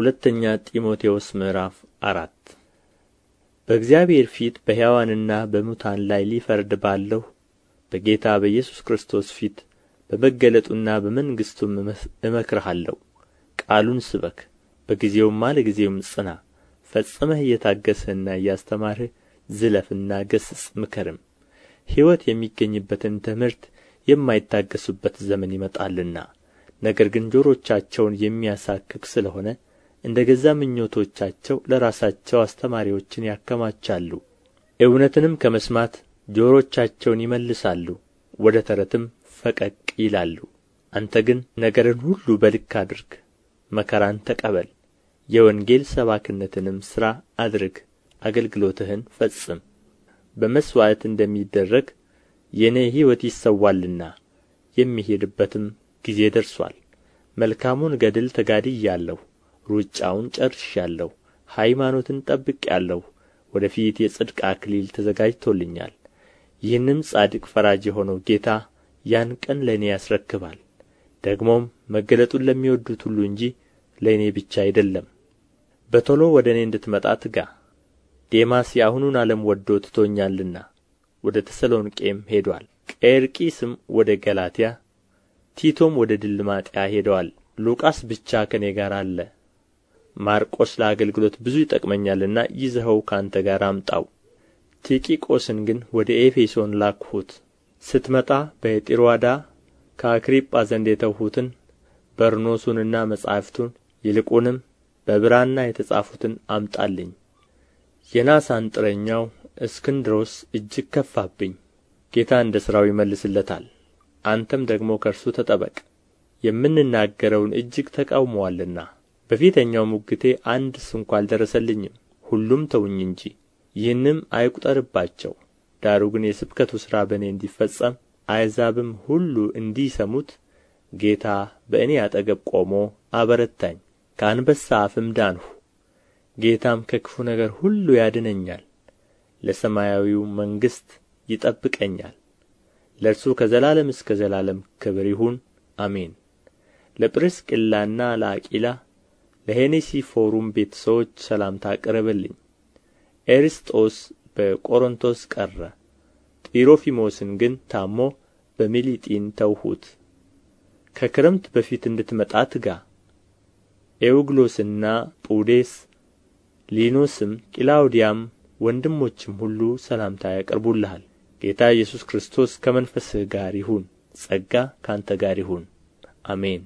ሁለተኛ ጢሞቴዎስ ምዕራፍ አራት በእግዚአብሔር ፊት በሕያዋንና በሙታን ላይ ሊፈርድ ባለው በጌታ በኢየሱስ ክርስቶስ ፊት በመገለጡና በመንግሥቱም እመክርሃለሁ። ቃሉን ስበክ፣ በጊዜውም አለጊዜውም ጽና። ፈጽመህ እየታገስህና እያስተማርህ ዝለፍና ገስጽ ምከርም። ሕይወት የሚገኝበትን ትምህርት የማይታገሱበት ዘመን ይመጣልና። ነገር ግን ጆሮቻቸውን የሚያሳክክ ስለሆነ እንደ ገዛ ምኞቶቻቸው ለራሳቸው አስተማሪዎችን ያከማቻሉ እውነትንም ከመስማት ጆሮቻቸውን ይመልሳሉ ወደ ተረትም ፈቀቅ ይላሉ አንተ ግን ነገርን ሁሉ በልክ አድርግ መከራን ተቀበል የወንጌል ሰባክነትንም ሥራ አድርግ አገልግሎትህን ፈጽም በመሥዋዕት እንደሚደረግ የእኔ ሕይወት ይሰዋልና የሚሄድበትም ጊዜ ደርሷል መልካሙን ገድል ተጋድያለሁ ሩጫውን ጨርሻለሁ፣ ሃይማኖትን ጠብቄአለሁ ወደ ፊት የጽድቅ አክሊል ተዘጋጅቶልኛል ይህንም ጻድቅ ፈራጅ የሆነው ጌታ ያን ቀን ለእኔ ያስረክባል ደግሞም መገለጡን ለሚወዱት ሁሉ እንጂ ለእኔ ብቻ አይደለም በቶሎ ወደ እኔ እንድትመጣ ትጋ ዴማስ የአሁኑን ዓለም ወዶ ትቶኛልና ወደ ተሰሎንቄም ሄዷል። ቄርቂስም ወደ ገላትያ ቲቶም ወደ ድልማጥያ ሄደዋል ሉቃስ ብቻ ከእኔ ጋር አለ ማርቆስ ለአገልግሎት ብዙ ይጠቅመኛልና ይዘኸው ከአንተ ጋር አምጣው ቲቂቆስን ግን ወደ ኤፌሶን ላክሁት ስትመጣ በጢሮአዳ ከአክሪጳ ዘንድ የተውሁትን በርኖሱንና መጻሕፍቱን ይልቁንም በብራና የተጻፉትን አምጣልኝ። የናስ አንጥረኛው እስክንድሮስ እጅግ ከፋብኝ፣ ጌታ እንደ ሥራው ይመልስለታል። አንተም ደግሞ ከእርሱ ተጠበቅ፣ የምንናገረውን እጅግ ተቃውመዋልና። በፊተኛው ሙግቴ አንድ ስንኳ አልደረሰልኝም ሁሉም ተውኝ እንጂ ይህንም አይቁጠርባቸው ዳሩ ግን የስብከቱ ሥራ በእኔ እንዲፈጸም አሕዛብም ሁሉ እንዲሰሙት ጌታ በእኔ አጠገብ ቆሞ አበረታኝ ከአንበሳ አፍም ዳንሁ ጌታም ከክፉ ነገር ሁሉ ያድነኛል ለሰማያዊው መንግሥት ይጠብቀኛል ለእርሱ ከዘላለም እስከ ዘላለም ክብር ይሁን አሜን ለጵርስቅላና ለአቂላ ለሄኔሲፎሩም ቤተ ሰዎች ሰላምታ አቅርብልኝ ኤርስጦስ በቆሮንቶስ ቀረ ጢሮፊሞስን ግን ታሞ በሚሊጢን ተውሁት ከክረምት በፊት እንድትመጣ ትጋ ኤውግሎስና ጱዴስ ሊኖስም ቂላውዲያም ወንድሞችም ሁሉ ሰላምታ ያቀርቡልሃል ጌታ ኢየሱስ ክርስቶስ ከመንፈስህ ጋር ይሁን ጸጋ ካንተ ጋር ይሁን አሜን